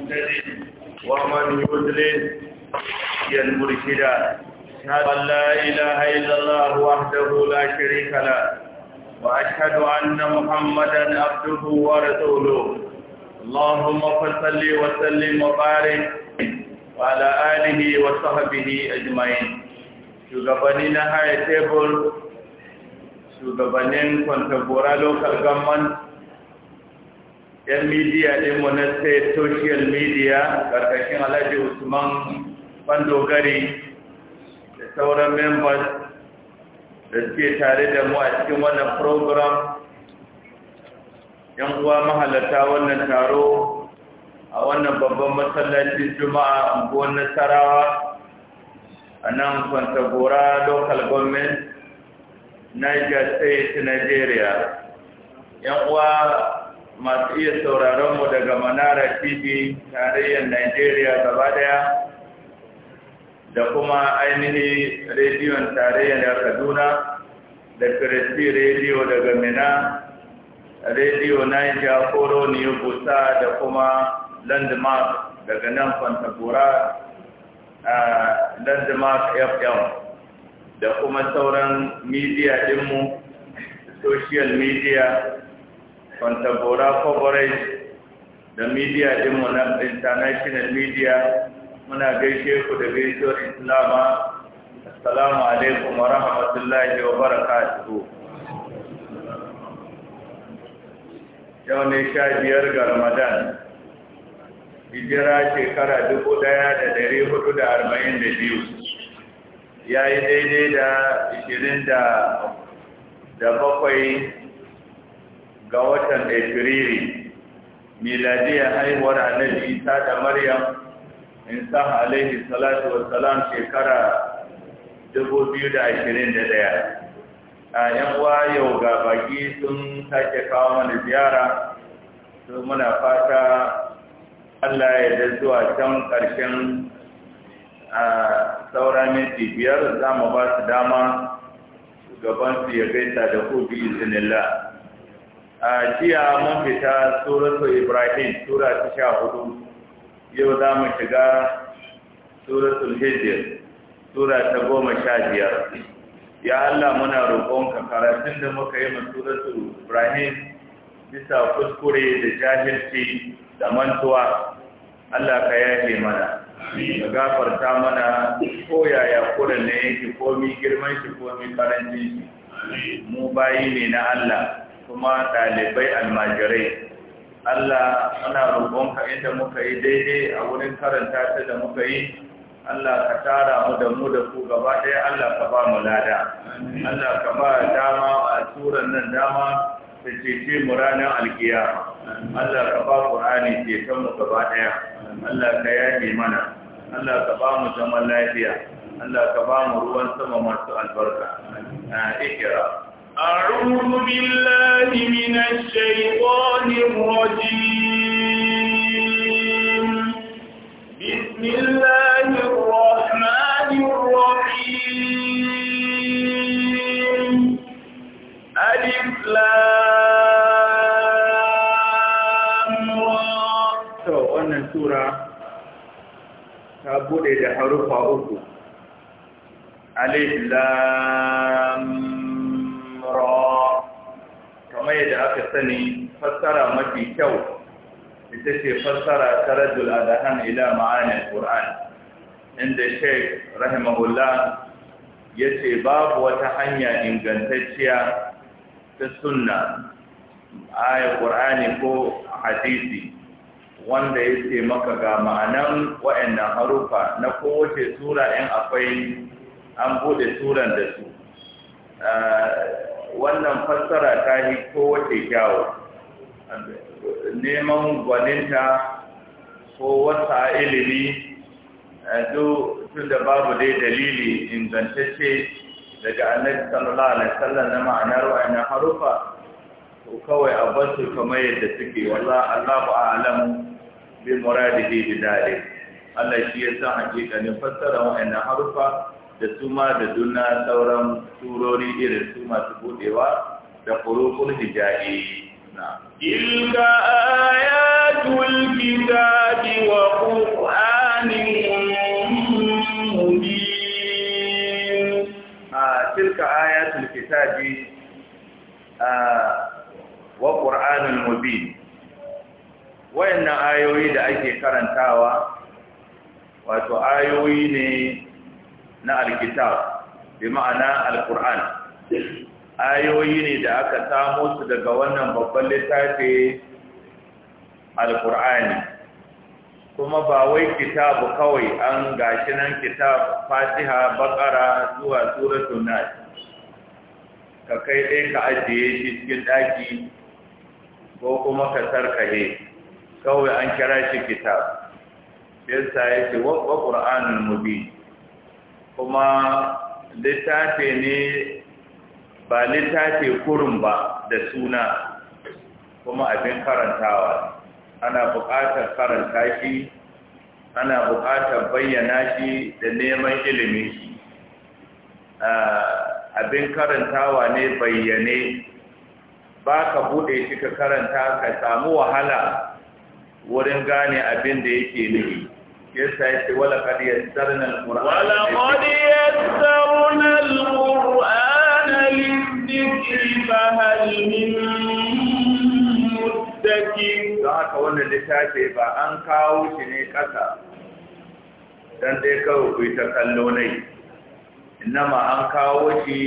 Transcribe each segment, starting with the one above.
مهتد ومن يدلل يا المرشدا أشهد أن لا إله إلا الله وحده لا شريك له وأشهد أن محمدا عبده ورسوله اللهم صل وسلم وبارك وعلى آله وصحبه أجمعين shugabanni na haya tebur shugabannin kwantagora local government yan midiya ɗinmu na state social media ƙarƙashin alhaji usman bandogari da sauran members da suke tare da mu a cikin wannan program yan uwa mahalarta wannan taro a wannan babban masallacin juma'a unguwar nasarawa a nan kwantagora local government niger state nigeria yan uwa masu iya sauraronmu daga manara tv tarayyar nigeria gaba daya da kuma ainihi rediyon tarayyar kaduna da kiristi rediyo daga mina rediyo niger koro new busa da kuma landmark daga nan fantagora a landmark fm da kuma sauran midiya dinmu social media kwantagora coverage da media dinmu na international media muna gaishe ku da gaisuwar islama assalamu alaikum wa rahmatullahi wa barakatuhu yau ne sha biyar ga ramadan hijira shekara dubu daya da dari hudu da arba'in da biyu ya yi daidai da ishirin da bakwai ga watan Efiriri, miladiyar haihuwar annabi Isa da Maryam, in sa alaihi salatu wa Salam shekara 2021. a yan yau ga baki sun sake kawo mana ziyara su muna fata allah ya da zuwa can ƙarshen a saura minti biyar za mu ba su dama su ya gaisa da ku bi izinillah a jiya mun fita suratu ibrahim sura ta sha hudu yau za mu shiga suratu hijr sura ta goma sha biyar ya allah muna roƙonka karatun da muka yi ma suratu ibrahim bisa kuskure da jahilci da mantuwa allah ka yafe mana ka gafarta mana ko yaya kuren ne yake komi girman shi komi karancin shi mu bayi ne na allah kuma ɗalibai almajirai Allah ana roƙonka inda muka yi daidai a wurin karanta ta da muka yi Allah ka tara mu da mu da ku gaba ɗaya Allah ka ba mu lada Allah ka ba dama a turan nan dama ta cece mu ranar alkiya Allah ka ba ƙur'ani ceton mu gaba ɗaya Allah ka yafe mana Allah ka ba mu zaman lafiya Allah ka ba mu ruwan sama masu albarka ikira أعوذ بالله من الشيطان الرجيم بسم الله الرحمن الرحيم ألف لام sura ta bude da harufa uku ألف لام kamar yadda aka sani fassara mafi kyau ita ce fassara ta rajul adahan ila ma'anin Qur'an inda Sheikh rahimahullah yace babu wata hanya ingantacciya ta sunna ayat Qur'ani ko hadisi wanda yace maka ga ma'anan wa'annan harufa na kowace sura in akwai an bude suran da su ah, wannan fassara ta yi kowace kyawo neman gwaninta ko wata ilimi tun eh, da babu dai dalili ingantacce daga annabi sallallahu alaihi wasallam na ma'anar wa'annan harufa ko kawai a basu kamar yadda suke walla Allahu a'lam bi muradihi bi daɗi. Allah shi ya san hakikanin fassara wa'annan harufa da su ma da duna sauran turori irin su masu budewa da kurukun hijabi na ya ayatul kitabi wa qur'anin mubin a tilka tulkita ji wa qur'anin mubin wayannan ayoyi da ake karantawa wato ayoyi ne na alkitab bi ma'ana alquran ayoyi ne da aka samo su daga wannan babban littafi alqurani kuma ba wai kitabu kawai an gashi nan kitab fatiha baqara zuwa suratul nas ka kai dai ka ajiye shi cikin daki ko kuma ka sarkahe kawai an kira shi kitab yasa yake wa qur'anul mubin kuma littafi ne ba littafi kurum ba da suna kuma abin karantawa ana buƙatar karanta shi ana buƙatar bayyana shi da neman ilimi shi abin karantawa ne bayyane ba ka buɗe shi ka karanta ka samu wahala wurin gane abin da yake nufi yasa yake wala qad yassarna alqur'ana wala qad yassarna alqur'ana lidhikri fa hal min muttaqin da haka wannan littafi ba an kawo shi ne kasa don dai kawai ku ta kallo nai inama an kawo shi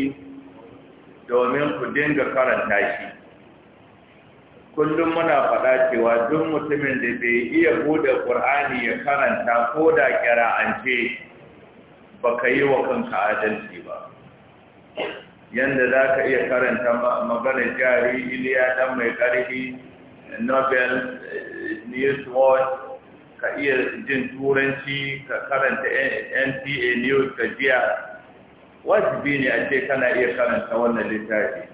domin ku dinga karanta shi kullum muna faɗa cewa duk mutumin da bai iya buɗe ƙur'ani ya karanta ko da ce ba ka yi wa kanka adalci ba yadda za ka iya karanta maganar jari iliya ɗan mai ƙarfi nobel news world ka iya jin turanci ka karanta nta news ka jiya wajibi ne a ce kana iya karanta wannan littafi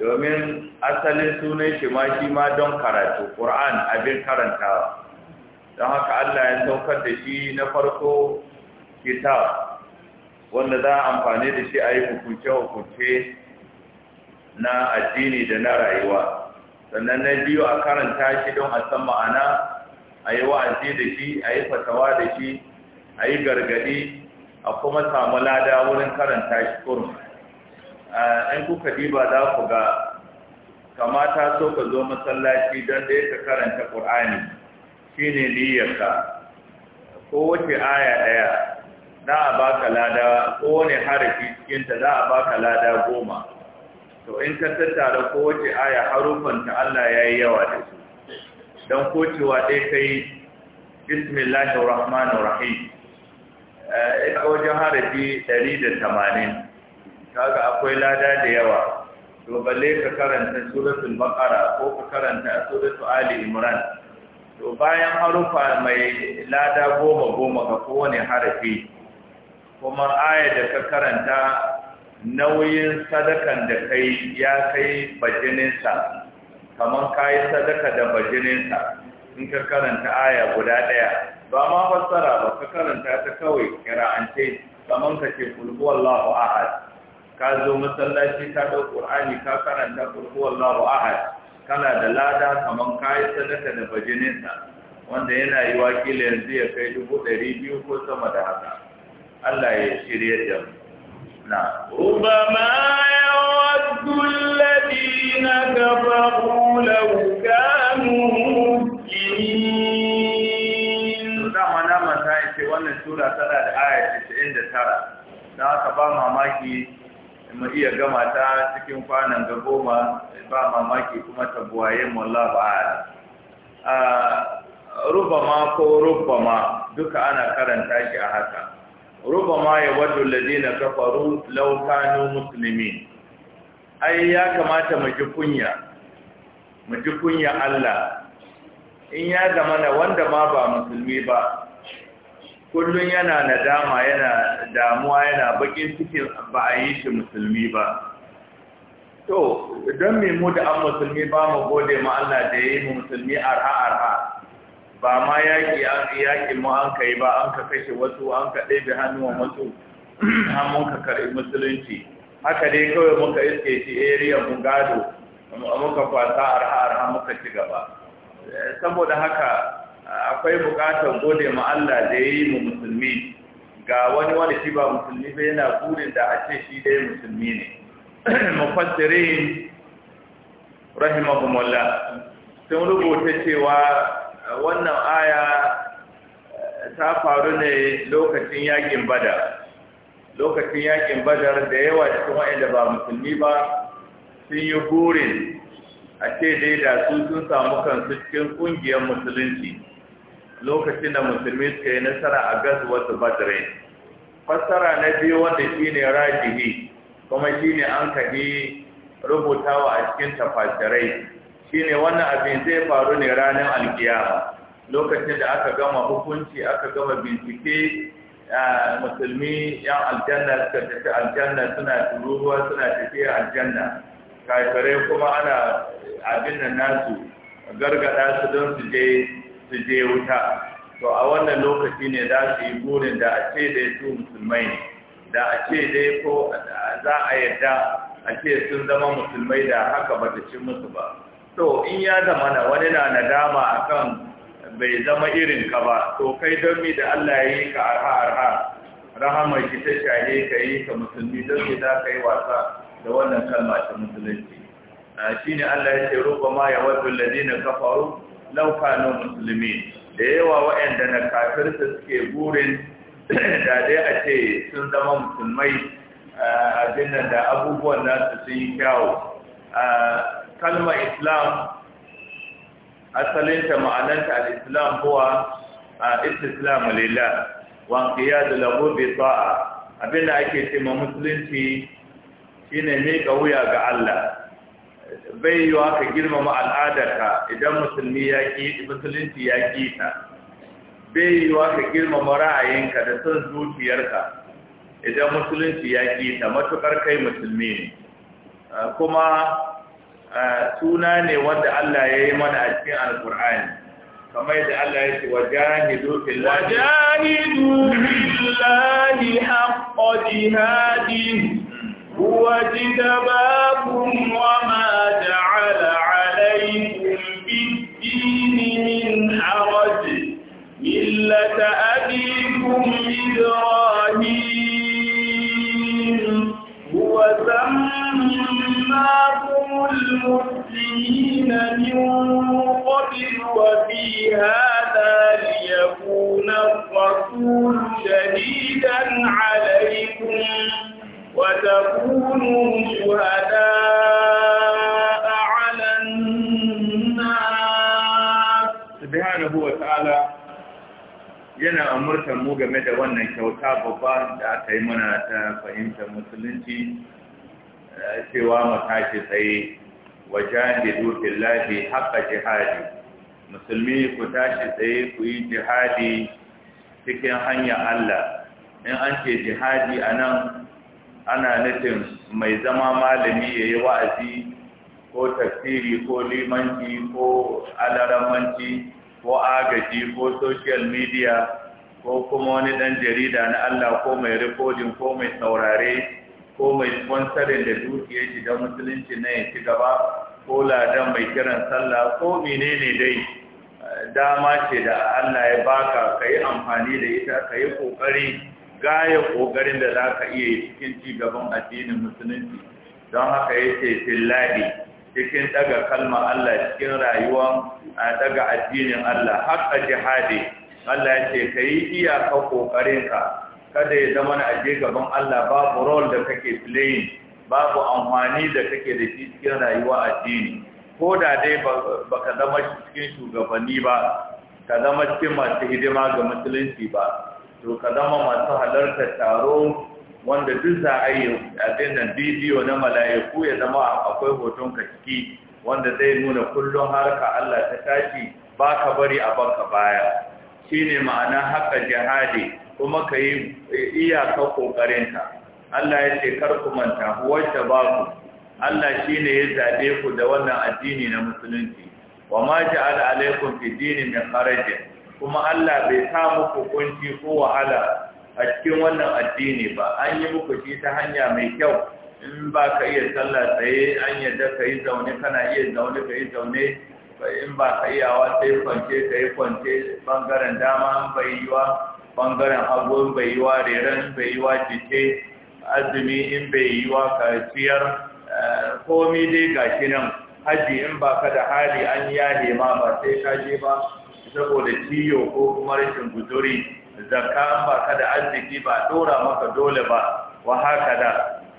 domin asalin sunan shi ma shi ma don karatu Qur'an abin karanta, don haka Allah ya saukar da shi na farko kitab wanda za a amfani da shi a yi hukunce-hukunce na addini da na rayuwa sannan na biyu a karanta shi don a san ma'ana a yi wa'azi da shi a yi fatawa da shi a yi gargadi a kuma samu lada wurin karanta shi kurum an kuka diba za ku ga kamata so ka zo masallaci don da ka karanta ƙur'ani shi ne Ko kowace aya ɗaya za a ka lada kowane harafi cikinta za a ba ka lada goma to in ka tattara kowace aya harufanta Allah ya yi yawa da su don kocewa ɗaya kai bismillahir rahmanir rahim eh, ita wajen harafi 180 kaga akwai lada da yawa to balle ka karanta suratul baqara ko ka karanta suratul ali imran to bayan harufa mai lada goma goma ga kowane harafi kuma aya da ka karanta nauyin sadakan da kai ya kai bajininsa kamar ka yi sadaka da bajininsa in ka karanta aya guda ɗaya ba ma fassara ba ka karanta ta kawai kira an ce kamar ka ce kulhu wallahu ahad ka zo masallaci ka ɗau ƙur'ani ka karanta ƙurku wallahu ahad kana da lada kaman kayi sadaka da bajininsa wanda yana yi wakili yanzu ya kai dubu ɗari biyu ko sama da haka Allah ya shirya da mu na rubama yawaddu alladina kafaru law kanu muslimin wannan sura tana da aya 99 da haka ba mamaki mu iya gama ta cikin kwanan ga goma ba mamaki kuma ta buwaye mu labara a rubama ko rubama duka ana karanta shi a haka rubama ya waddu ladina kafaru laukanu musulmi ai ya kamata mu ji kunya mu ji kunya Allah in ya zama na wanda ma ba musulmi ba kullum yana nadama yana damuwa yana bakin cikin ba a yi shi musulmi ba to don me mu da an musulmi ba mu gode ma Allah da ya yi mu musulmi arha arha ba ma yaƙi yaƙi mu an kai ba an ka kashe wasu an ka hannu wa wasu an mun ka karɓi musulunci haka dai kawai muka iske shi area mun gado muka kwasa arha arha muka ci gaba eh, saboda haka akwai bukatar gode ma Allah da ya yi mu musulmi ga wani wani shi ba musulmi ba yana burin da a ce shi dai musulmi ne mafasirin rahimahumullah sun rubuta cewa wannan aya eh, ta faru ne lokacin yakin badar lokacin yakin badar da yawa cikin inda ba musulmi ba sun yi burin a ce dai da su sun samu kansu cikin ƙungiyar musulunci lokacin da musulmi suka yi nasara a wasu badrin fassara na biyu wanda shine rajihi kuma shine an kaɗi rubutawa a cikin tafasirai shine wannan abin zai faru ne ranar alkiyama lokacin da aka gama hukunci aka gama bincike musulmi yan aljanna suka tafi aljanna suna tururuwa suna tafiya aljanna kafirai kuma ana abin nan nasu gargada su don su je su je wuta to a wannan lokaci ne za su yi burin da a ce dai su musulmai da a ce dai ko za a yadda a ce sun zama musulmai da haka ba ta cin musu ba to in ya zama na wani na nadama kan bai zama irin ka ba to kai don mi da Allah ya yi ka arha arha rahamar ki ta shahe ka yi ka musulmi don ki za ka yi wasa da wannan kalma ta musulunci ne Allah ya ce ruba ma ya waddu ladina kafaru laukano musulmi da yawa waɗanda na kafirta suke burin da dai a ce sun zama musulmai abin nan da abubuwan nasu sun yi kyawu kalmar islam asalinta ma'ananta al-islam huwa istislam lila, wa da lahu bi ta'a abinda ake ce musulunci shine ne wuya ga Allah bai wa ka girmama al'adarka idan musulmi ya ki musulunci ya ki ta bai wa ka girmama ra'ayinka da son zuciyarka idan musulunci ya ki ta matukar kai musulmi ne ah, kuma ah, suna ne wanda Allah ya yi mana a cikin alkur'ani kamar yadda Allah ya ce wa fillahi fillahi هو جدباكم وما جعل عليكم بالدين من حرج ملة أبيكم إبراهيم هو سماكم المسلمين من قبل وفي هذا ليكون الرسول شهيدا عليكم وتكون amurka mu game da wannan kyauta babba da aka yi mana ta fahimtar musulunci eh, cewa mu tashi tsaye wajahidu billahi haqqa jihadi musulmi ku tashi tsaye ku yi jihadi cikin hanyar Allah in an ce jihadi a nan ana nufin mai zama malami ya yi wa'azi ko tafsiri ko limanci ko alaramanci ko agaji ko social media ko kuma wani ɗan jarida na Allah ko mai rikodin ko mai saurare ko mai sponsorin da dukiyar shi da musulunci na ya ci gaba ko ladan mai kiran sallah ko menene dai dama ce da Allah ya baka ka yi amfani da ita ka yi ƙoƙari gaya ƙoƙarin da za ka iya yi cikin ci gaban addinin musulunci don haka ya ce fillahi cikin ɗaga kalma Allah cikin rayuwa a ɗaga addinin Allah haka jihadi Allah ya ce ka yi iyaka ƙoƙarinka kada ya zama na aje gaban Allah babu rol da kake playing babu amfani da kake da shi cikin rayuwa addini ko da dai ba ka zama cikin shugabanni ba ka zama cikin masu hidima ga musulunci ba to ka zama masu halarta taro wanda duk za a yi abin bidiyo na mala'iku ya zama akwai hoton ka ciki wanda zai nuna kullum harka Allah ta tashi ba ka bari a banka baya shine ma'ana haka jihadi kuma ka yi iyaka ƙoƙarinka Allah ya ce kar ku manta wacce ba ku Allah shine ya zaɓe ku da wannan addini na musulunci wa ma ja'ala alaikum fi dini min kharaj kuma Allah bai sa muku kunci ko wahala a cikin wannan addini ba an yi muku shi ta hanya mai kyau in ba ka iya sallah tsaye an yadda ka yi zaune kana iya zaune ka yi zaune in ba iyawa sai kwance ka yi kwance bangaren dama bai yi wa bangaren hagu bai yi rera reren bai yi wa cike azumi in bai yi wa ciyar eh, komi dai gashi nan haji in ba ka da hali an yahe ma ba sai ka je ba saboda ciyo ko kuma rashin guduri zakka in ba ka da arziki ba dora maka dole ba wa haka da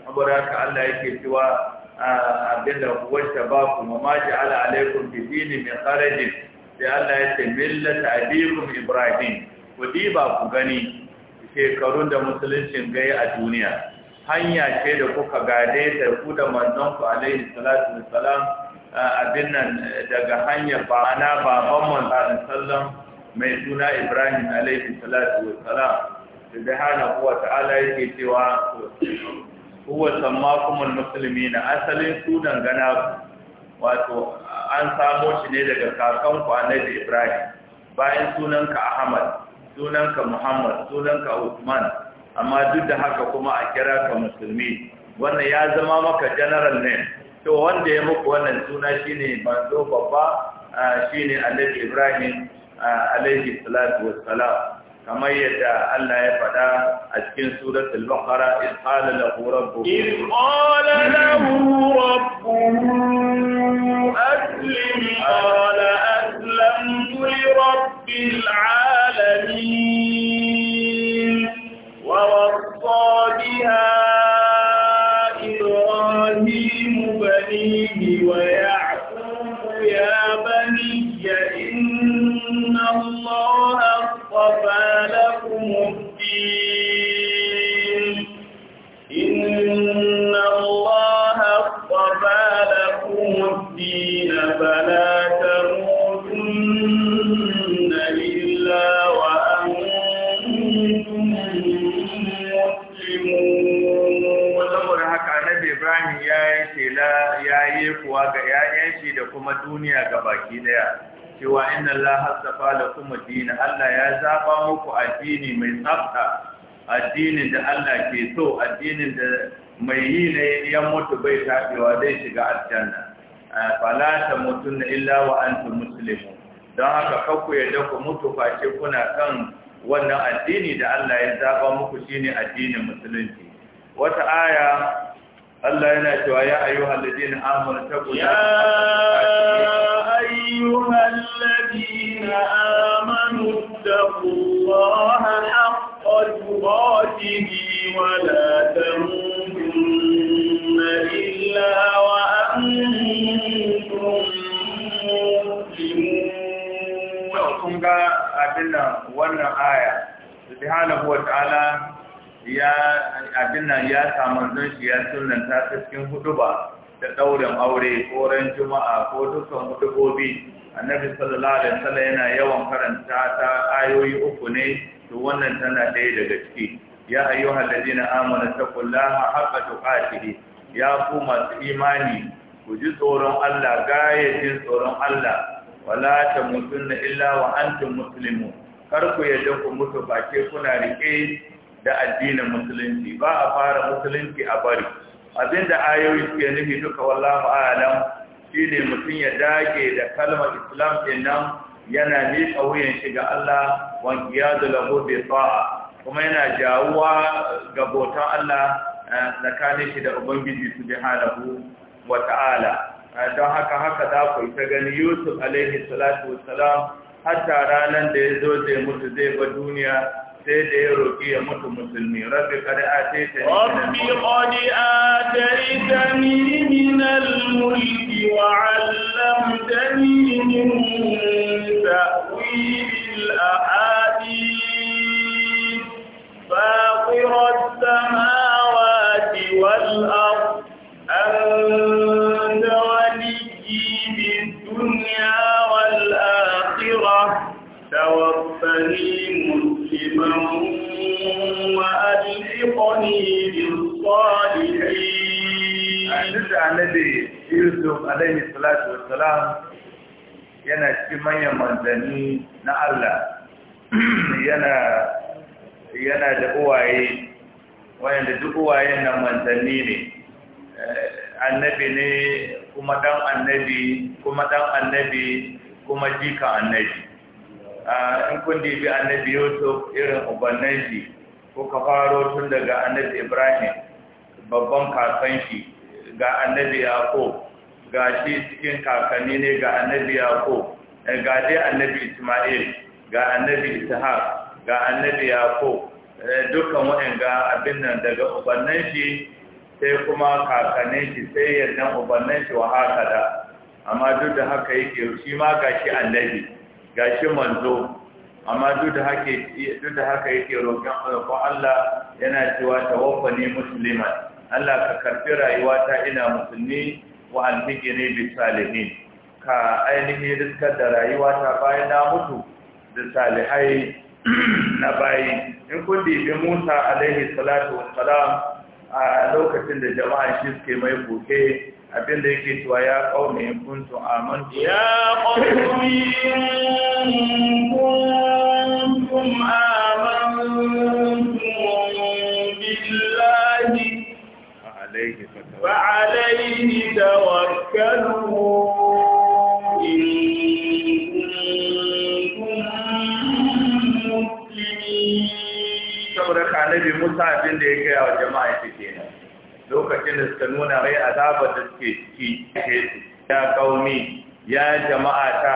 saboda haka Allah yake cewa abinda wacce ba ku ma ma ala alaikum fi dini min kharajin sai Allah ya ce millata abikum Ibrahim ku ba ku gani shekarun da musuluncin gai a duniya hanya ce da kuka gade ta ku da manzon ku alaihi salatu wassalam abin nan daga hanya ba ana baban manzon sallam mai suna Ibrahim alaihi salatu wassalam hana kuwa ta'ala yake cewa huwa sammakumul na asalin su dangana wato an samo shi ne daga kakan ku annabi Ibrahim bayan sunanka Ahmad sunanka Muhammad sunanka Usman, amma duk da haka kuma a kira ka musulmi wannan ya zama maka general ne. to wanda ya muku wannan suna shine manzo babba shine annabi Ibrahim alaihi salatu wassalam kamar yadda Allah ya faɗa a cikin suratul baqara in qala lahu rabbuhu in qala lahu rabbuhu aslim qala aslamtu li rabbil alamin wa wasa biha kuma duniya ga baki daya cewa inna Allah hasafa lakum ad-din Allah ya zaba muku addini mai tsafta addinin da Allah ke so addinin da mai yi ne ya mutu bai tabewa zai shiga aljanna fala tamutunna illa wa antum muslimun don haka kakku yadda ku mutu face kuna kan wannan addini da Allah ya zaba muku shine addinin musulunci wata aya الله يا نتوى يا أيها الذين آمنوا تقول يا أيها الذين آمنوا اتقوا الله حق تقاته ولا تموتن إلا وأنتم مسلمون وكما أدنا وانا آية سبحانه وتعالى ya abin nan ya samu don shi ya sunanta ta cikin hudu ba da ɗaurin aure ko ran juma'a ko dukkan hudubobi annabi sallallahu alaihi wasallam yana yawan karanta ta ayoyi uku ne to wannan tana ɗaya daga ciki ya ayyuhal ladina amanu taqullaha haqqa tuqatih ya ku masu imani ku ji tsoron Allah gayyatin tsoron Allah wala tamutunna illa wa antum muslimun kar ku yadda ku mutu ba kuna rike da addinin musulunci ba a fara musulunci a bari abinda ayoyi suke nufi duka wallahu alam shine mutum ya dage da kalmar islam din nan yana miƙa wuyan shi ga Allah wa qiyadu lahu bi ta'a kuma yana jawuwa ga botan Allah eh, tsakanin shi da ubangiji subhanahu wa ta'ala eh, don haka haka za ku ta gani Yusuf alaihi salatu wassalam hatta ranar da ya zo zai mutu zai ba duniya سيدي روكي يا مسلمي ربي قد اتيتني ربي قد salatu wassalam yana cikin manyan manzanni na Allah yana yana da uwaye wayanda duk uwayen nan manzanni ne eh, annabi ne kuma dan annabi kuma dan annabi kuma jika annabi ah, in kun dibi annabi yusuf irin ubannin shi ko ka faro tun daga annabi ibrahim babban kakan shi ga annabi yaqub ga shi cikin kakanni ne ga annabi yaqub eh, ga dai annabi isma'il ga annabi ishaq ga annabi yaqub eh, dukkan waɗanda abin nan daga ubannin shi sai kuma kakannin shi sai yadda ubannin shi wa haka da amma duk da haka yake shi ma gashi annabi gashi manzo amma duk da haka duk da haka yake roƙon ko Allah yana cewa tawaffani musliman Allah ka karfi rayuwata ina musulmi wa alfikiri bi salihin ka ainihi riskar da rayuwa ta bayan na mutu da salihai na bayi in kundi bi musa alaihi salatu wa salam a lokacin da jama'a shi suke mai buke abinda yake tuwa ya kaume in kuntu amantu ya qaumi in kuntum amantu فعليه توكلوا إن كنتم مسلمين saboda ka Musa abin da ya gaya wa jama'a ita kenan lokacin da suka nuna rai azabar da suke ciki ke ya kaumi ya jama'a ta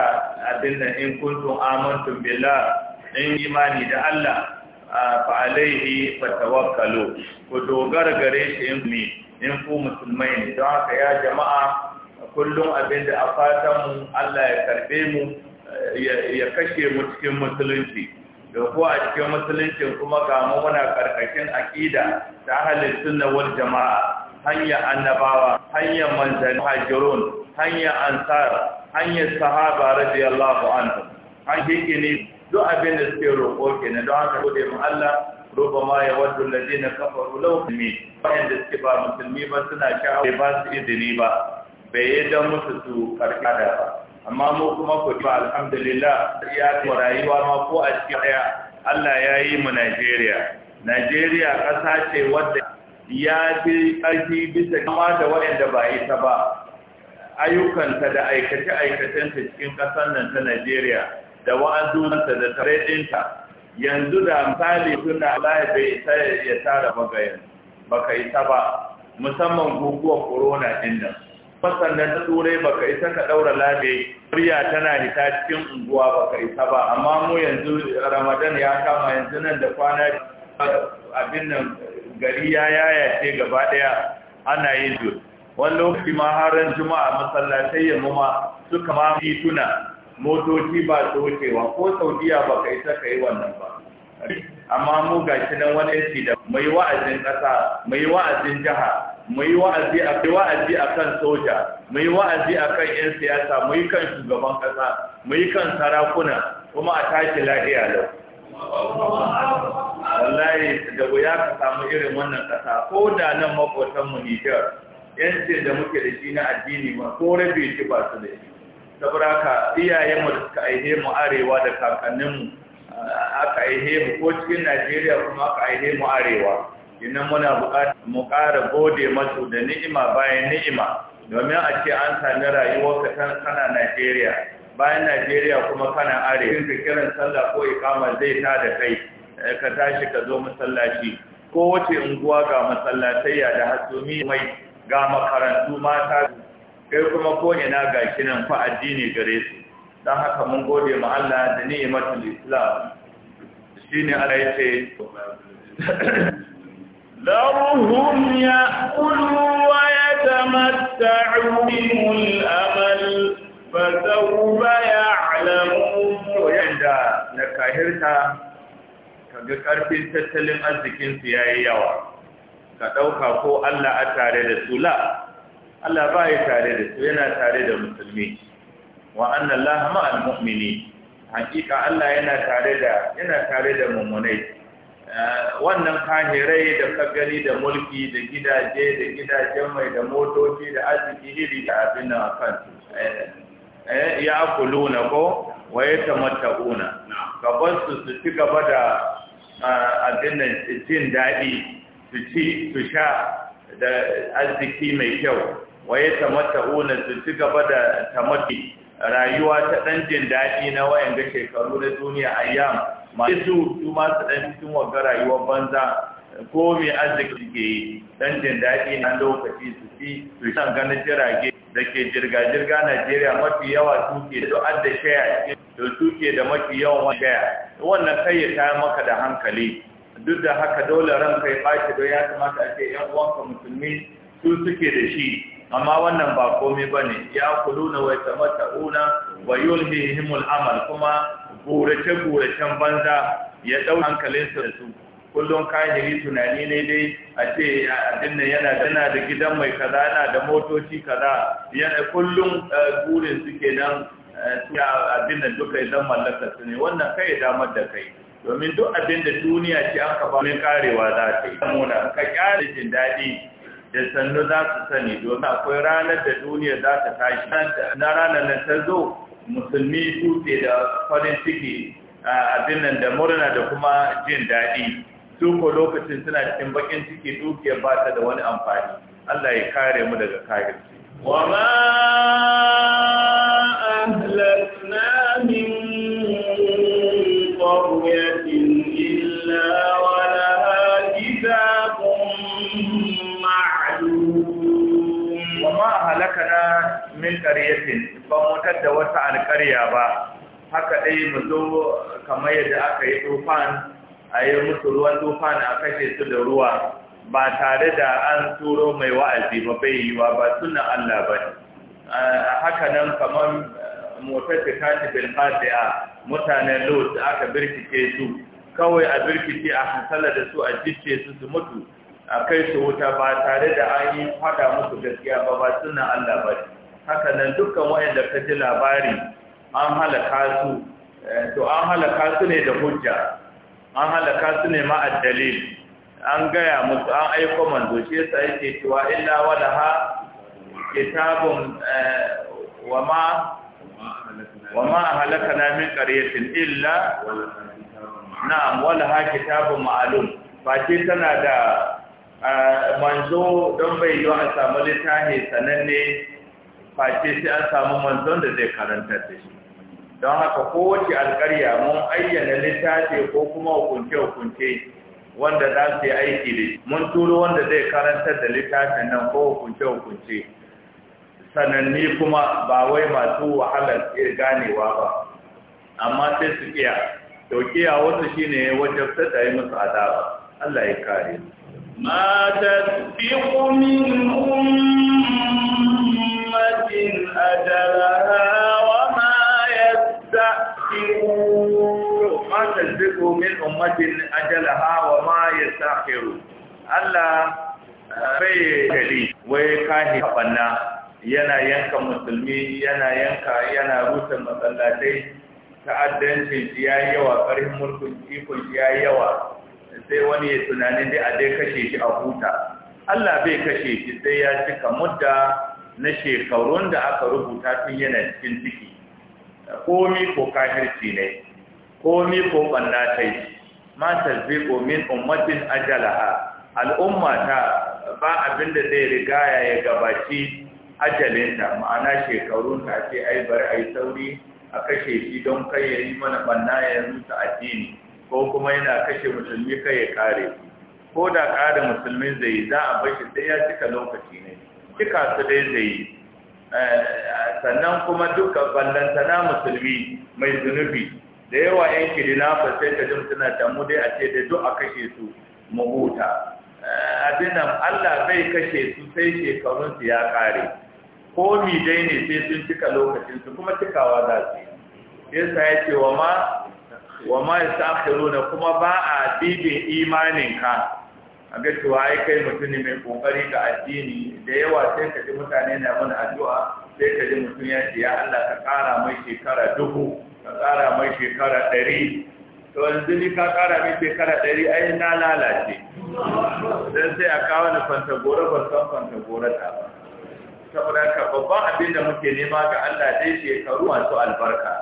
abin da in kuntun amintun billah in imani da Allah fa'alaihi fatawakkalu ku dogara gare shi in mi in ku musulmai ne don haka ya jama'a kullum abin da a fatanmu mu Allah ya karbe mu ya kashe mu cikin musulunci da kuwa a cikin musulunci kuma ga muna karkashin aƙida ta halin sunna wal jama'a hanya annabawa hanya manzanni hajjurun hanya ansar hanya sahaba radiyallahu anhu an ne duk abin da suke roƙo ke na don haka gode mu Allah roba ma ya waddu ladina kafaru law mi bayan da suke ba musulmi ba suna sha'awa ba su izini ba bai yi don musu su karka da ba amma mu kuma ku ba alhamdulillah ya ko rayuwa ma ko a cikin daya Allah ya yi mu Najeriya Najeriya ƙasa ce wadda ya fi ƙarfi bisa kama da waɗanda ba ita ba ayyukanta da aikace-aikacenta cikin ƙasar nan ta Najeriya da wa'azunsa da taredinta yanzu da misali suna laye bai isa ya tara magayin baka isa ba musamman guguwar corona din nan da ta turai baka isa ka daura labe murya tana hita cikin unguwa baka isa ba amma mu yanzu ramadan ya kama yanzu nan da kwana abin nan gari ya yayace gaba daya ana yin jur wani lokaci ma haran juma'a masallatai yamma suka ma tuna motoci ba su wucewa ko saudiya ba ka isa ka yi wannan ba amma mu ga shi nan wani yanki da mai wa'azin ƙasa mai wa'azin jiha mai wa'azi a kai wa'azi a kan soja mai wa'azi a kan 'yan siyasa mai kan shugaban ƙasa mai kan sarakuna kuma a tashi lahiya lau wallahi da wuya ka samu irin wannan ƙasa ko da nan makotan mu Nijar yancin da muke da shi na addini ma ko rabe shi ba su da shi saboda haka iyayenmu da suka aihe mu arewa da kakanninmu aka aihe mu ko cikin najeriya kuma aka aihe mu arewa Ina muna buƙatar mu ƙara gode masu da ni'ima bayan ni'ima domin a ce an sami rayuwar ka kana najeriya bayan najeriya kuma kana arewa ka kiran sallah ko ikama zai ta da kai eh, ka tashi ka zo masallaci ko wace unguwa ga masallatai da hasumi mai ga makarantu mata kai kuma ko ina gashi nan fa addini gare su don haka mun gode ma Allah da ni'imatul Islam shine Allah yace Darhum ya'kulu wa yatamatta'u bimul amal fa sawfa ya'lamun yanda na kahirta kaga karfin tattalin arzikin su yayi yawa ka dauka ko Allah a tare da su la Allah ba ya tare da su yana tare da musulmi wa anna Allah al mu'mini hakika Allah yana tare da yana tare da mummunai eh, wannan kahirai da kagari da mulki da gidaje da gidajen mai da motoci da arziki iri da abin nan eh, eh, ya akuluna ko wa ya tamatta'una gaban su su ci gaba da abin nan jin daɗi su ci su sha da arziki mai kyau wa ya una su ci gaba da tamatti rayuwa ta dan jin daɗi na wayan ga shekaru na duniya ayyam masu su ma su dan cikin wagga rayuwar banza ko mai arziki ke yi dan jin daɗi na lokaci su ci su san ganin jirage da ke jirga-jirga Najeriya mafi yawa suke da adda shaya da suke da mafi yawan shaya wannan kai ya maka da hankali duk da haka dole ranka ya ɓaci don ya kamata a ce ‘yan uwanka musulmi su suke da shi amma wannan ba komai bane ya kuluna wa una wa yulhihimul amal kuma burace buracen banza ya dau hankalinsa da su kullum kahiri tunani ne dai a ce addinna yana dana da gidan mai kaza yana da motoci kaza yana kullum burin eh, su kenan eh, ya abinda duka idan mallaka su ne wannan kai damar da kai domin duk abinda duniya ce aka ba karewa za ta yi ka kyara jin daɗi da sannu za su sani domin akwai ranar da duniya za ta tashi na ranar nan ta zo musulmi tuke da farin ciki a abin nan da murna da kuma jin daɗi su lokacin suna cikin bakin ciki dukiya ba ta da wani amfani Allah ya kare mu daga kayan ciki. qaryatin ba motar da wata alƙarya ba haka dai mu zo kamar yadda aka yi tufan a yi musu ruwan tufan a kashe su da ruwa ba tare da an turo mai wa'azi ba bai wa ba sunan Allah ba A haka nan kamar motar da a mutanen lot aka birkice su kawai a birkice a hasala da su a jice su su mutu a kai su wuta ba tare da an yi fada musu gaskiya ba ba sunan Allah ba ne haka nan dukkan waɗanda ka ji labari an halaka su eh, to an halaka su ne da hujja an halaka su ne ma dalil an gaya musu an aiko manzo shi yasa yake cewa illa wala ha kitabun eh, wa ma wa ma na min qaryatin illa na'am wala ha kitabun ma'lum ba ce tana da eh, manzo don bai yi a samu littafi sananne face sai an samu manzon da zai karantar da shi don haka kowace alƙarya mun ayyana littafi ko kuma hukunce-hukunce wanda za su yi aiki da mun turo wanda zai karantar da littafin nan ko hukunce-hukunce sananni kuma ba wai masu wahalar ganewa ba amma sai su kiya to kiya wasu shine wajen da yi musu adaba. Allah ya kare ma tasbiqu min umma أجلها وما يستأخرون ما تسبق من أمة أجلها وما يستأخرون Allah bai kari wai kahi kafanna yana yanka musulmi yana yanka yana rusa masallatai ta'addancin shi ya yi yawa ƙarfin mulkin ikon shi ya yi yawa sai wani ya tunanin dai a dai kashe shi a huta Allah bai kashe shi sai ya cika mudda na shekarun da aka rubuta tun yana cikin ciki komi ko kafirci ne komi ko ɓanna ta ma tasbiqu min ummatin ajalaha al'umma ta ba abin da zai riga ya gabaci ta ma'ana shekarun ta ce ai bari ai sauri a kashe shi don kai ya yi mana banna ya rusa addini ko kuma yana kashe musulmi kai ya kare ko da ƙara musulmin zai za a bashi sai ya cika lokaci ne cika su dai zai eh, sannan kuma duka ballantana musulmi mai zunubi da yawa yan kidina sai ka ji suna damu dai a ce da duk a kashe su mu huta eh, abin Allah zai kashe su sai shekarun su ya kare ko mi dai ne sai sun cika lokacin su kuma cikawa za su yi sai ya ce wa ma wa ma yasakhiruna kuma ba a bibin imanin ka a ga cewa ai kai mutum ne mai kokari ga addini da yawa sai ka ji mutane na mana addu'a sai ka ji mutum ya ce ya Allah ka ƙara mai shekara dubu ka ƙara mai shekara ɗari to yanzu ni ka ƙara mai shekara ɗari ai na lalace don sai a kawo ni fanta gora ban san fanta gora ta ba saboda ka babban abin da muke nema ga Allah dai shekaru masu albarka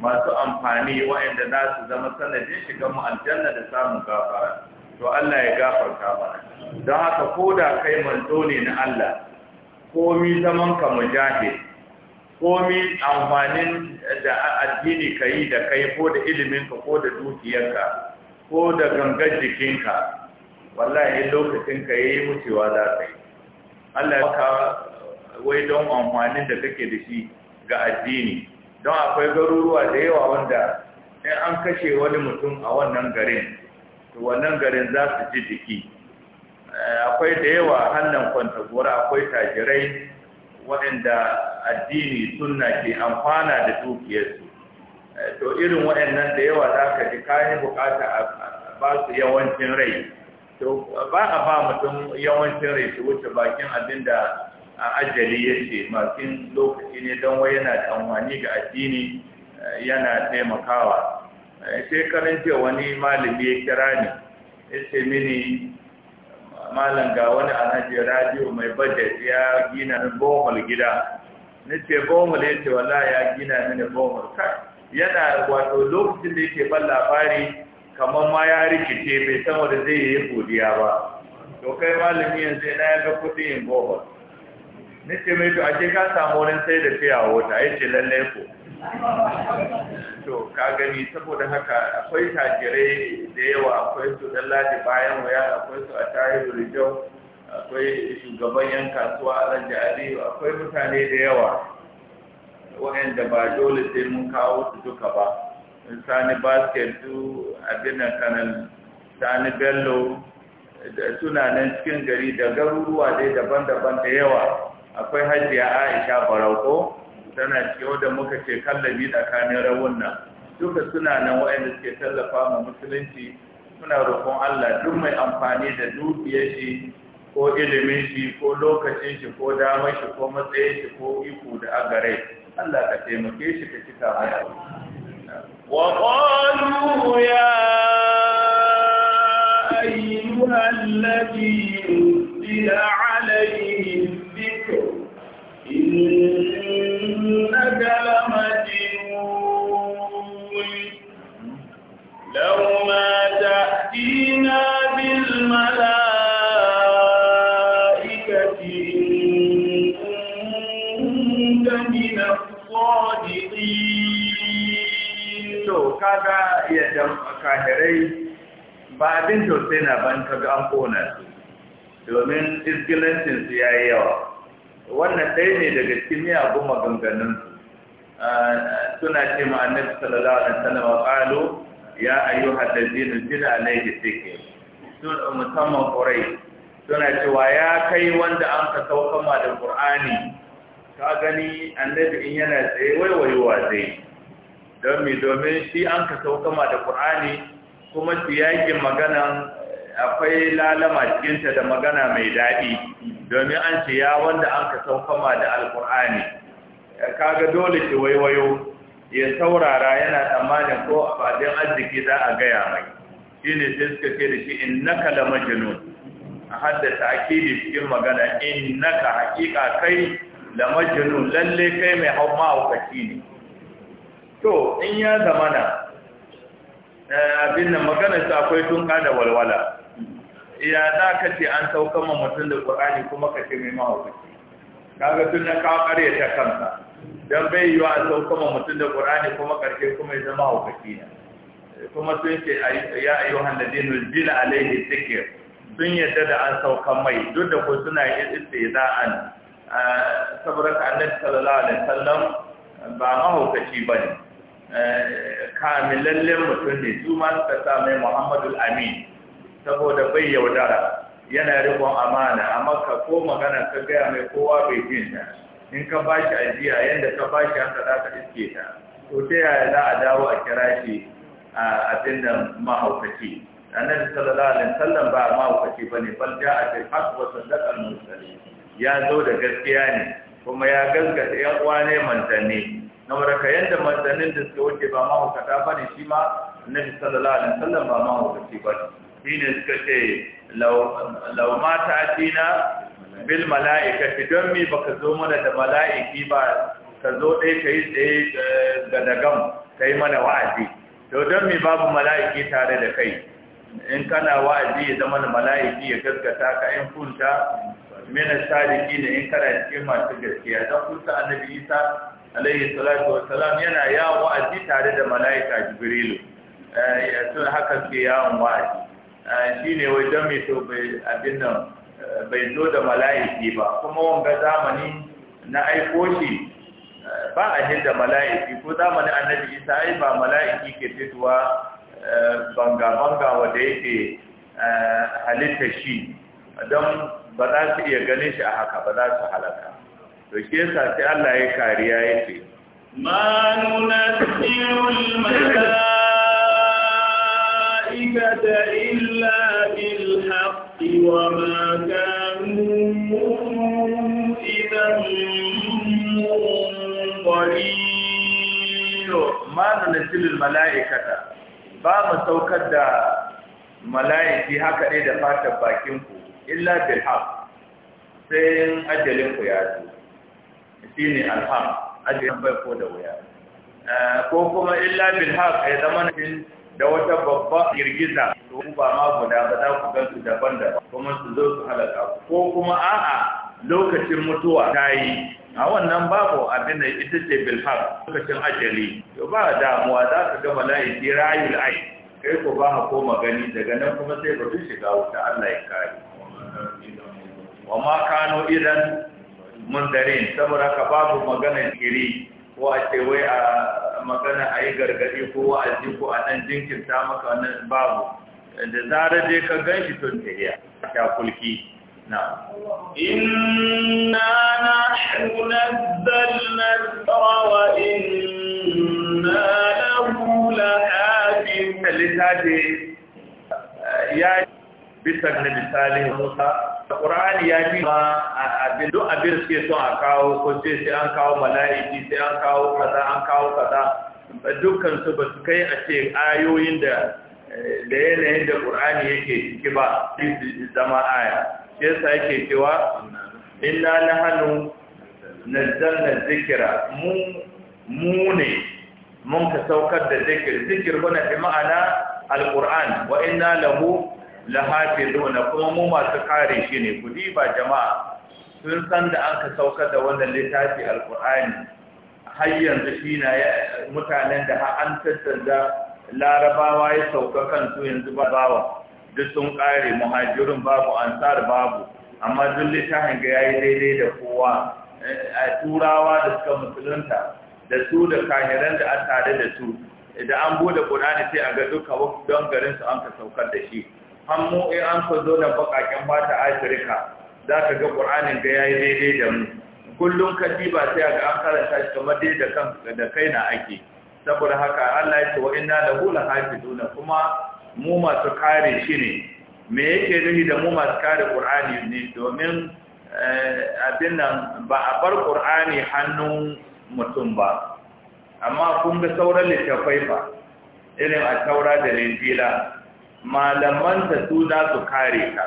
masu amfani wa'anda za su zama sanadin shiga mu aljanna da samun gafara to Allah ya gafarta ba don haka ko da kai manzo ne na Allah komi zaman ka mujahid komi amfanin da addini ka yi da kai ko da iliminka ko da dukiyarka ko da gangar jikinka wallahi lokacin ka yayi wucewa za ka yi Allah ya ka wai don amfanin da kake da shi ga addini don akwai garuruwa da yawa wanda in an kashe wani mutum a wannan garin to wannan garin za su ji jiki eh, akwai da yawa hannun kwantagora akwai tajirai waɗanda addini sunna ke amfana da dukiyarsu eh, to irin waɗannan da yawa za ka ji kayan bukata a ba su yawancin rai to ba a ba mutum yawancin rai su wuce bakin abin da a ajali ya ce makin lokaci ne don wai yana da amfani ga addini eh, yana taimakawa Eh, kanin ce wani malami ya kira ni ya ce mini malam ga wani alhaji radio mai budget ya gina ni bomul gida na ce bomul ya ce wala ya gina mini bomul kai yana wato lokacin da yake ban labari kamar ma ya rikice bai san wanda zai yi godiya ba to kai malami yanzu na ya ga kuɗi in bomal na ce mai to ce ka samu wurin sai da fiya wata ya ce lallai ko to ka gani saboda haka akwai tajirai da yawa akwai su dallaji bayan waya akwai su a tahiru rijau akwai shugaban yan kasuwa alan da akwai mutane da yawa waɗanda ba dole sai mun kawo su duka ba sani basket su abin kanan sani bello da suna nan cikin gari da garuruwa dai daban-daban da yawa akwai hajiya aisha barauko tana cewa da muka ce kallabi tsakanin rawun nan duka suna nan waɗanda suke tallafa ma musulunci suna roƙon Allah duk mai amfani da dukiyar shi ko ilimin shi ko lokacin shi ko damar shi ko matsayin shi ko iko da agare Allah ka taimake shi ka cika mai wa qalu ya ayyuha alladhi ila alayhi dhikr kaga yadda kafirai ba abin tausayi na ban kaga an kona su domin izgilancin su yayi yawa wannan ɗaya ne daga kimiyya goma maganganun su suna ce ma annabi sallallahu alaihi wasallam qalu ya ayyuha allazina tila alayhi dhikr sun musamman qurai suna cewa ya kai wanda an ka saukama da qur'ani ka gani annabi in yana tsaye waiwaiwa zai don mi domin shi an ka saukama da ƙur'ani kuma siyakin magana akwai lalama cikinta da magana mai daɗi domin an ce ya wanda an ka saukama da alƙur'ani kaga dole ki waiwayo ya saurara yana tsammanin ko a fadin arziki za a gaya mai shi ne sai suka ce da shi in na la majinu, a haddasa akidi cikin magana in innaka hakika kai la majinu, lalle kai mai hau ma'aukaci ne to in ya zamana eh, abin nan magana ta akwai tunka da walwala ya za ka ce an sauka ma mutum da ƙur'ani kuma ka ce mai mahaukaci kaga tun na kawo ƙarya ta kanka don bai yi a sauka ma mutum da ƙur'ani kuma ƙarshe kuma ya zama mahaukaci ne kuma sun ce ya ayyuhan da dinu jila alaihi zikir sun yadda da an sauka mai duk da ko suna yin istiza'an eh, saboda annabi sallallahu alaihi wasallam ba mahaukaci ne. Eh, kamilallen mutum ne su ma suka sa mai muhammadu amin saboda bai yaudara yana rikon amana amma ka ko magana ka gaya mai kowa bai jin ta in ka ba shi ajiya yadda ka ba shi haka za ka iske ta to ta yaya za a dawo a kira shi a abin da mahaukaci annabi sallallahu alaihi wasallam ba mahaukaci bane bal a bil haqq wa saddaqa al ya zo da gaskiya ne kuma ya gaskata yan uwa ne na waraka yadda mazanin da suka wuce ba mahaukata ba ne shi ma annabi sallallahu alaihi wasallam ba mahaukaci ba shi ne suka ce law ma ta'tina bil mala'ikati don mi baka zo mana da mala'iki ba ka zo dai kai tsaye ga dagam kai mana wa'azi to don mi babu mala'iki tare da kai in kana wa'azi ya zama da mala'iki ya gaskata ka in kunta mena sadiki ne in kana cikin masu gaskiya don kunta annabi isa alaihi salatu wa salam yana yawon wa'azi tare da mala'ika jibrilu sun eh, haka ke yawon wa'azi eh, shi ne don mai to abin nan eh, bai zo da mala'iki ba kuma wanga zamani na aiko shi ba a jin da mala'iki ko zamanin annabi isa ai ba mala'iki ke fitowa banga-banga wanda yake halitta shi don ba za su iya ganin shi a haka ba za su halaka to shi sai Allah ya kariya ce ma mala'ika da illa bil wa ma kanu idan munzirin ma malaikata ba mu saukar da mala'iki haka dai da fatan bakin ku illa bil sai ajalin ku ya zo shi ne alham ajiye bai ko da wuya eh, ko kuma illa bil haq ya zama nufin da wata babba girgiza to ba ma guda ba za ku gansu daban daban kuma su zo su halaka ko kuma a'a lokacin mutuwa ta yi a wannan babu abin da ita ce bil haq lokacin ajali to ba damuwa za ka ga mala'iki rayul ai kai ko ba ha koma gani daga nan kuma sai batun shiga wuta Allah ya kare wa ma kano idan mandarin saboda ka babu magana kiri ko a ce wai a magana a yi gargaɗi ko a ko a nan jinkirta maka wannan babu da zarar dai ka gan shi tun tahiya ta kulki na inna nahnu nazzalna wa inna littafi ya bisa ga misali Musa Qur'ani ya fi ma abin duk abin suke son a kawo ko sai sai an kawo mala'iki sai an kawo kaza an kawo kaza dukkan su ba su kai a ce ayoyin da da yanayin da Qur'ani yake ciki ba zama aya shi yasa yake cewa inna nahnu nazzalna dhikra mu mu ne mun ka saukar da zikir zikir bana bi ma'ana alquran wa inna lahu lahafizuna kuma mu masu kare shi ne ku ba jama'a sun san da an ka saukar da wannan littafi alkur'ani har yanzu shi na mutanen da an tattanda larabawa ya sauka kansu yanzu ba bawa duk sun kare muhajirin babu ansar babu amma duk littafin ga yayi daidai da kowa eh, a turawa da suka musulunta da su da kahiran da an tare da su Idan an bude qur'ani sai a ga duka don garin su an ka saukar da shi hammu in an ka zo bakaken bata afirka za ka ga ƙur'anin ga ya yi daidai da mu kullum kadiba sai ga an karanta shi kamar dai da kan da kai na ake saboda haka Allah ya ce wa ina hula haifi lahafizuna kuma mu masu kare shi ne me yake nuni da mu masu kare ƙurani ne domin eh, abin nan ba a bar ƙur'ani hannun mutum ba amma kun ga sauran littafai ba irin a taura da linjila malamanta su za su kare ka,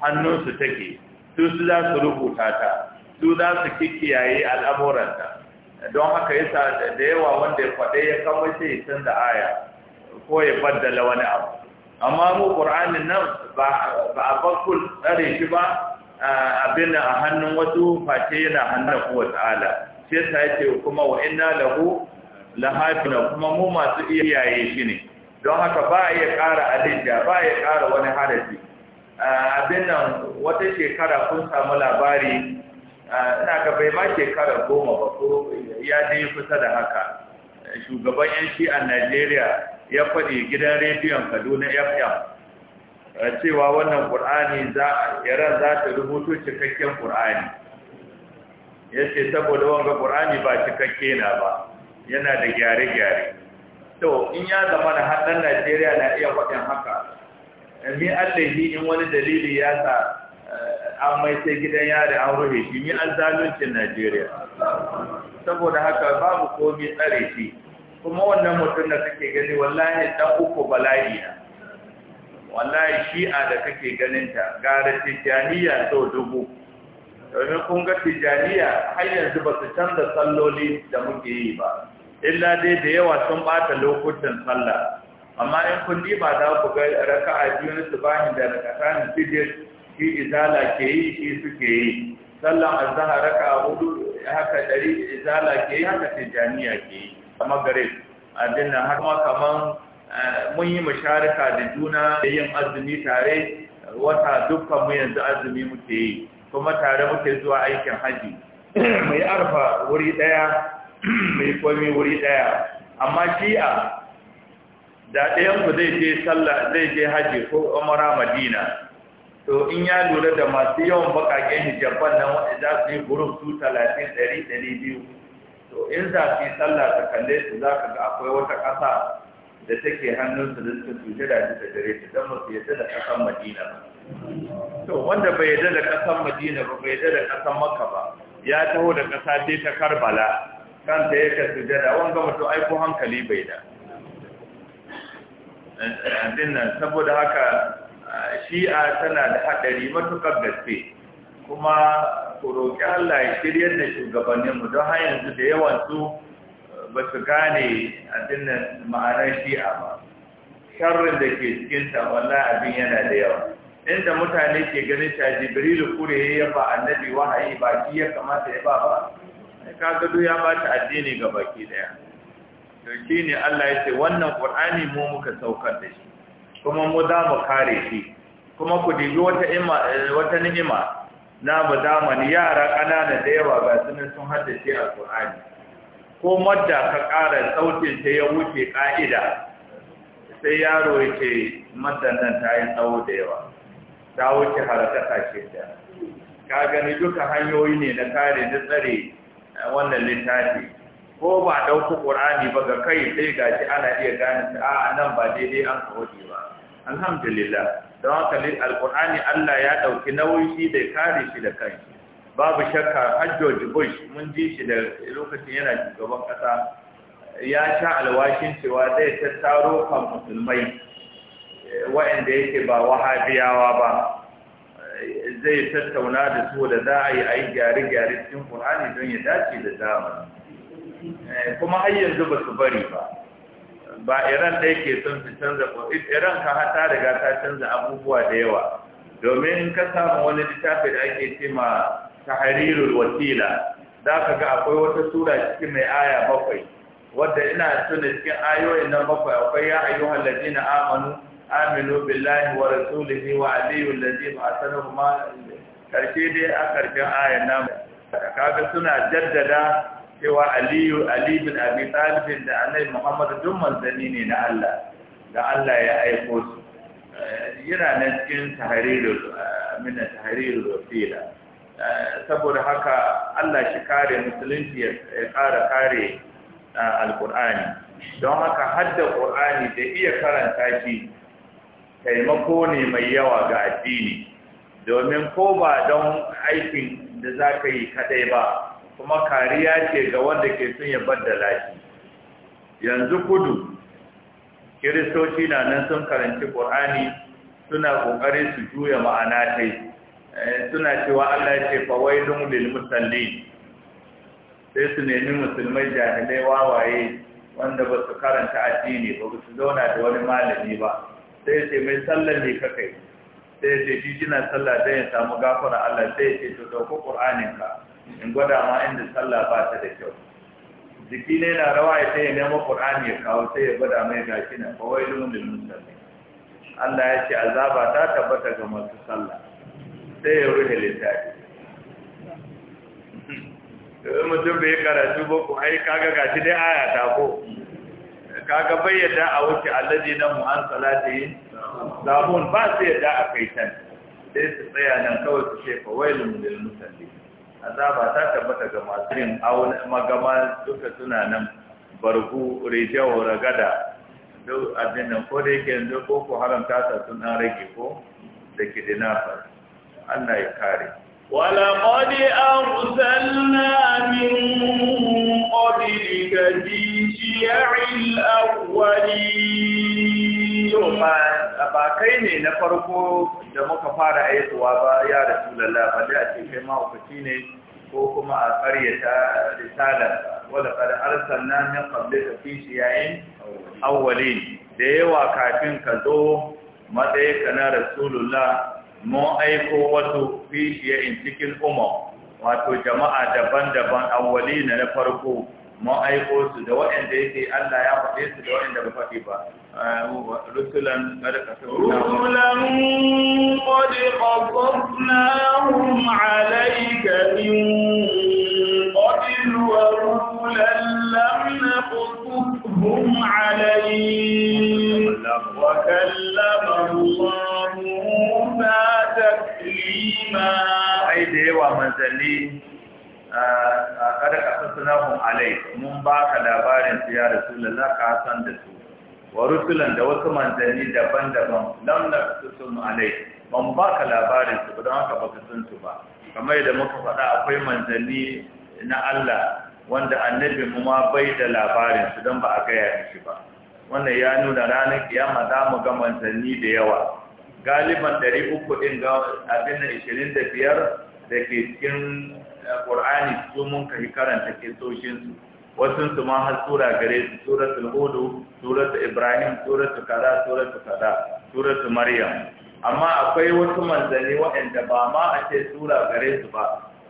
hannunsu take su su za su rubuta ta su za su kikiyaye al'amuranta don haka yasa da yawa wanda ya faɗe ya kama ya canza aya ko ya baddala wani abu amma mu ƙur'anin nan ba a bakul tsare shi ba abin a hannun wasu face yana hannun kuwa ta'ala sai ta yace kuma wa inna lahu lahafina kuma mu masu iyaye shi ne don haka ba iya ƙara alidda ba ya ƙara wani harafi abin nan wata shekara kun samu labari ina ga bai ma shekara goma ba ko ya je kusa da haka shugaban yan a najeriya ya faɗi gidan rediyon kaduna fm cewa wannan ƙur'ani yaran za ta rubuto cikakken ƙur'ani ya ce saboda wanga ƙur'ani ba cikakke na ba yana da gyare-gyare to in ya zama da haɗar najeriya na iya faɗin haka mi allahi in wani dalili ya sa eh, an mai sai gidan yari an rufe shi mi an zaluncin najeriya saboda haka babu komi tsare shi kuma wannan mutum da kake gani wallahi dan uku bala'i na wallahi shi'a da kake ganinta gara tijjaniya sau dubu domin kun ga tijjaniya har yanzu ba su canza salloli da muke yi ba illa dai da yawa sun bata lokutan sallah amma in kun ba za ku ga raka'a biyu na subahin da raka'a fijir shi izala ke yi shi suke yi sallan azhar raka'a hudu haka dari izala ke yi haka tijaniya ke yi amma gare a nan har ma kaman eh, mun yi musharaka da juna da yin azumi tare wata dukkan mu yanzu azumi muke yi kuma tare muke zuwa aikin haji mu arfa wuri daya mai komi wuri daya amma shi'a da ɗayanku zai je sallah zai je haji ko umara madina to in ya lura da masu yawan bakaken hijaban nan wanda za su yi gurin su talatin ɗari ɗari biyu to in za su yi sallah ta kalle su za ka ga akwai wata ƙasa da take hannunsu da suka cuce da ta dare su don masu yadda da ƙasan madina ba to wanda bai yadda da ƙasan madina ba bai yadda da ƙasan makka ba ya taho da ƙasa ce ta karbala kanta yake sujada wanga mutum ai ko hankali bai da saboda haka shi'a tana da haɗari matuƙar gaske kuma ku roƙi Allah ya shiryar da shugabanninmu don har yanzu da yawansu ba su gane abin nan ma'anar shi'a ba sharrin da ke cikin ta wallahi abin yana da yawa inda mutane ke ganin ta jibrilu kure ya ba annabi wahayi ba shi ya kamata ya ba ba ka gado ya ba ta addini ga baki daya to shi ne Allah yace wannan Qur'ani mu muka saukar da shi kuma mu za mu kare shi kuma ku dibi wata eh, wata ni'ima na ba zamani yara ƙanana da yawa ga sunan sun haddace Al-Qur'ani. ko madda ka ƙara sautin ta ya wuce ka'ida sai yaro yake ce nan ta yi tsawo da yawa ta wuce harkata ce ta ka gani duka hanyoyi ne na kare na tsare wannan littafi ko ba ɗauki ƙur'ani ba ga kai sai ga shi ana iya gane su. a nan ba daidai an kawaje ba alhamdulillah don haka alƙur'ani Allah ya ɗauki nauyi shi da kare shi da kai babu shakka George bush mun ji shi da lokacin yana shugaban ƙasa ya sha alwashin cewa zai tattaro kan musulmai eh, waɗanda yake ba wahabiyawa ba zai tattauna da su da za a yi a yi gyare-gyare cikin ƙur'ani don ya dace da dama. Eh, kuma har yanzu ba su bari ba ba iran ɗaya ke son su canza iran ka hata riga ta canza abubuwa da yawa domin ka samu wani littafi da ake ce ma tahrirul wasila za ka ga akwai wata sura cikin mai aya bakwai wadda ina tuna cikin ayoyin nan bakwai akwai ya ayyuhan ladina amanu aminu billahi wa rasulihi wa aliyu a sanar ma karshe dai a karshen ayan namu kaga suna jaddada cewa aliyu ali bin abi talibin da anai Muhammadu, duk manzanni ne na Allah da Allah ya aiko su yana nan cikin tahrirul min tahrirul saboda haka Allah shi kare musulunci ya kara kare alkur'ani don haka hadda qur'ani da iya karanta shi taimako ne mai yawa ga addini domin ko ba don aikin da za ka yi kadai ba kuma kariya ce ga wanda ke sun ya da lafi yanzu kudu kiristoci na nan sun karanci ƙorani suna ƙoƙari su juya ma'ana tai eh, suna cewa allah ce fawailun lil sai su nemi musulmai jahilai wawaye wanda ba su karanta addini ba su zauna da wani malami ba sai ce mai sallar ne kakai. kai sai ce shi jina sallah don ya samu gafara Allah sai ce to dauko ƙur'aninka in gwada ma inda sallah ba ta da kyau jiki ne na rawa ya sai ya nemo ƙur'ani ya kawo sai ya gwada mai gashi na fawailun lumin musallin Allah ya ce azaba ta tabbata ga masu sallah sai ya ruhe littafi mutum bai karatu ba ku ai kaga gashi dai aya ta ko kaga bai yadda a wuce allazi na mu'an salati Sabun ba su yadda a kai can sai su tsaya nan kawai su ce fa wailun lil musalli azaba ta tabbata ga masu yin aure magama duka suna nan barhu ragada duk abin ko da yake yanzu ko ko haramta ta sun an rage ko da kidinafar Allah ya kare ولقد أرسلنا من قبلك في شيع الأولين ba kai ne na farko da muka fara aikuwa ba ya rasulallah balle a ce kai mahaukaci ne ko kuma a karyata risalar wadda kada arsalna min qablika fi shiyain awwalin da yawa kafin ka zo matsayi ka na rasulullah mun aiko wasu fi cikin umar wato jama'a daban-daban awwalina na farko Mu aiko su da waɗanda yake Allah ya faɗe su da waɗanda ba faɗi ba rusulan qad rusulan qad qasasnahum alayka min qabl wa rusulan lam naqsuhum alayk wa kallama Allah taklima ai da yawa kada ka sassana alai mun ba ka labarin su ya rasulullah ka san da su wa rusulan da wasu manzanni daban-daban lam na alai ban ba ka labarin su don haka baka san su ba kamar yadda muka faɗa akwai manzanni na Allah wanda annabi mu ma bai da labarin su don ba a gaya shi ba wannan ya nuna ranar kiyama za mu ga manzanni da yawa galiban 300 din ga abin 25 da ke cikin qur'ani su mun kai karanta kisoshin su wasu su ma har sura gare su suratul hudu suratul ibrahim suratul kada suratul kada suratul maryam amma akwai wasu manzanni waɗanda ba ma a ce sura gare su ba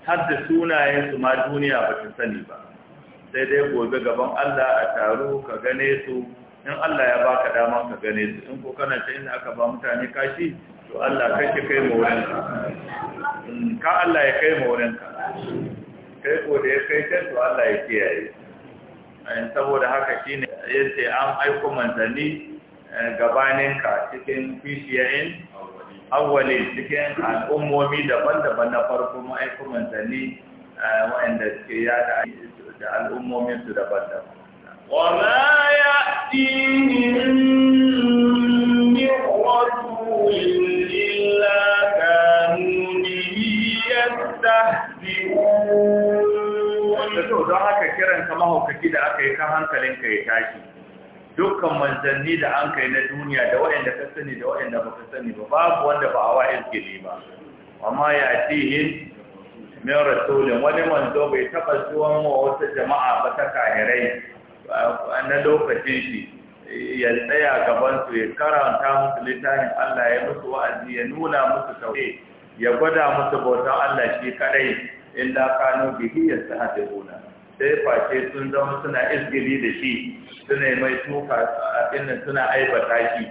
har da sunayen su ma duniya ba sani ba sai dai gobe gaban Allah a taro ka gane su in Allah ya baka dama ka gane su in ko kana ta inda aka ba mutane kashi to Allah kake kai wurinka mm, ka Allah ya kai wurinka kai ko da ya kai can to Allah ya kiyaye eh, saboda haka shine yace an aiko manzanni eh, gabanin ka cikin PCN awwali cikin al'ummomi daban-daban na farko mu aiko manzanni eh, wa'anda suke yada da al'ummomin su daban-daban وما يأتيهم من رسول إلا كانوا به يستهزئون don haka kiran ka mahaukaci da aka yi ka hankalin ka ya tashi dukkan manzanni da an kai na duniya da waɗanda ka sani da waɗanda ba ka sani ba babu wanda ba a wa'in gili ba amma ya tihin min rasulin wani manzo bai taba zuwan wa wata jama'a ba ta kahirai na lokacin shi ya tsaya gaban su ya karanta musu littafin Allah ya musu wa'azi ya nuna musu tauhid ya gwada musu bautan Allah shi kadai illa kanu bihi gona. sai face sun zama suna isgili da shi suna mai tuka abin nan suna aibata shi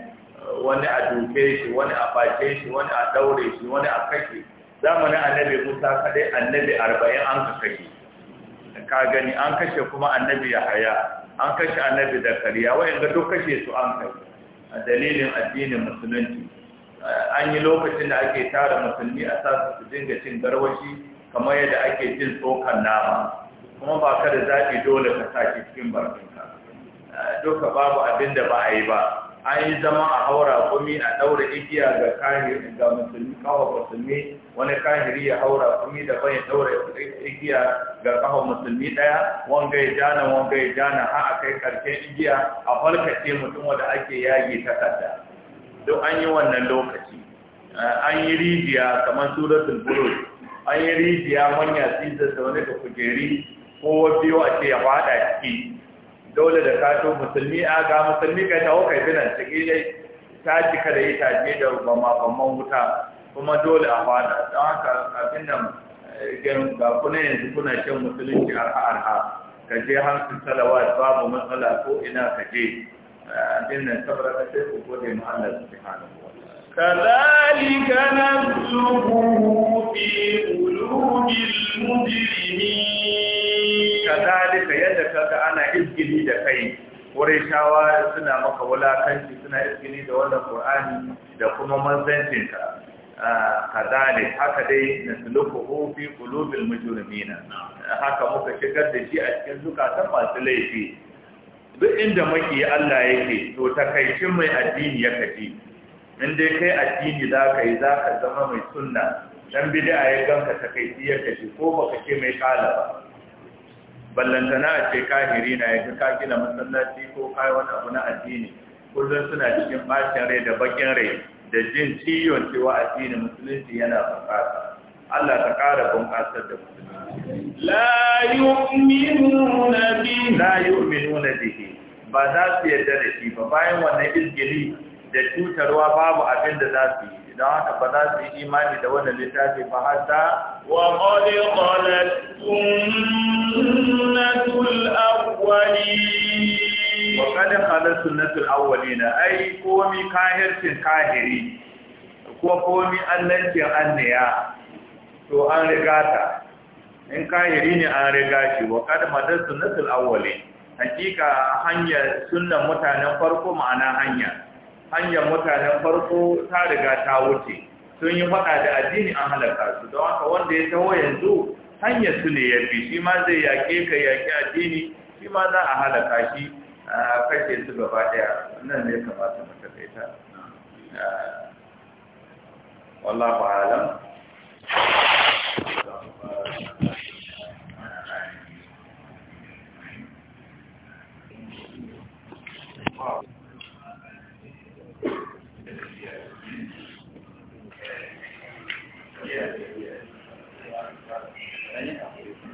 wani a duke shi wani a face shi wani a daure shi wani a kashe zamanin annabi musa kadai annabi arba'in an ka kashe ka gani an kashe kuma annabi ya haya an kashe annabi da kariya wa'in duk kashe su an kai a dalilin addinin musulunci an yi lokacin da ake tara musulmi a sasu su dinga cin garwashi kamar yadda ake jin tsokan nama kuma ba ka da zaɓi dole ka sa shi cikin barkinka duka babu abin da ba a yi ba an yi zama a haura kumi a ɗaura igiya ga kahiri ga musulmi kawo musulmi wani kahiri ya haura kumi da bayan ɗaura igiya ga kawo musulmi ɗaya wanga ya jana wanga ya jana har a kai karshen igiya a falkace mutum wanda ake yagi takarda duk an yi wannan lokaci an yi rijiya kamar suratul buruj an yi rijiya manya tsizar da wani da kujeri ko biyu a ce ya fada ciki dole da kato musulmi a ga musulmi kai taho kai binan ciki dai ta cika da itace da bama-baman wuta kuma dole a fada don haka kafin nan eh, ga kuna yanzu kuna shan musulunci arha-arha ka je hamsin salawat babu matsala ko ina ka je eh, abin nan saboda ka sai ku gode ma Allah subhanahu wa كذلك نسلكه في قلوب المجرمين kazalika yadda kaga ana izgini da kai shawa suna maka wulakanci suna izgini da wannan Qur'ani da kuma manzancin ka ah, kazalik haka dai nasluquhu fi qulubil mujrimina haka muka shigar da shi a cikin zukatan masu laifi duk inda muke Allah yake to takaicin mai addini ya kaji in dai kai addini za ka yi za ka zama mai sunna dan bid'a ya ganka takaici ya kaji ko baka ce mai kala ba ballantana a ce kahiri na ya ka gina masallaci ko kai wani abu na addini kullum suna cikin bacin rai da bakin rai da jin ciwon cewa addini musulunci yana bunƙasa Allah ta ƙara bunƙasar da musulunci la yu'minuna bihi ba za su yarda da shi ba bayan wannan izgiri da cutarwa babu abin da za su yi don haka ba za su yi imani da wannan littafi ba hatta wa qad qalat sunnatul awwali wa qad qalat sunnatul awwalin ai komi kahircin kahiri ko komi allancin annaya to an riga ta in kahiri ne an riga shi wa qad madat sunnatul awwali hakika hanyar sunnan mutanen farko ma'ana hanya hanyar mutanen farko ta riga ta wuce sun yi faɗa da addini an halaka su don haka wanda ya taho yanzu hanyar su ne ya fi. shi ma zai yaƙe ka yaƙi addini shi ma za a halaka shi a kashe su gaba ɗaya nan ne kamata mu takaita wallahu alam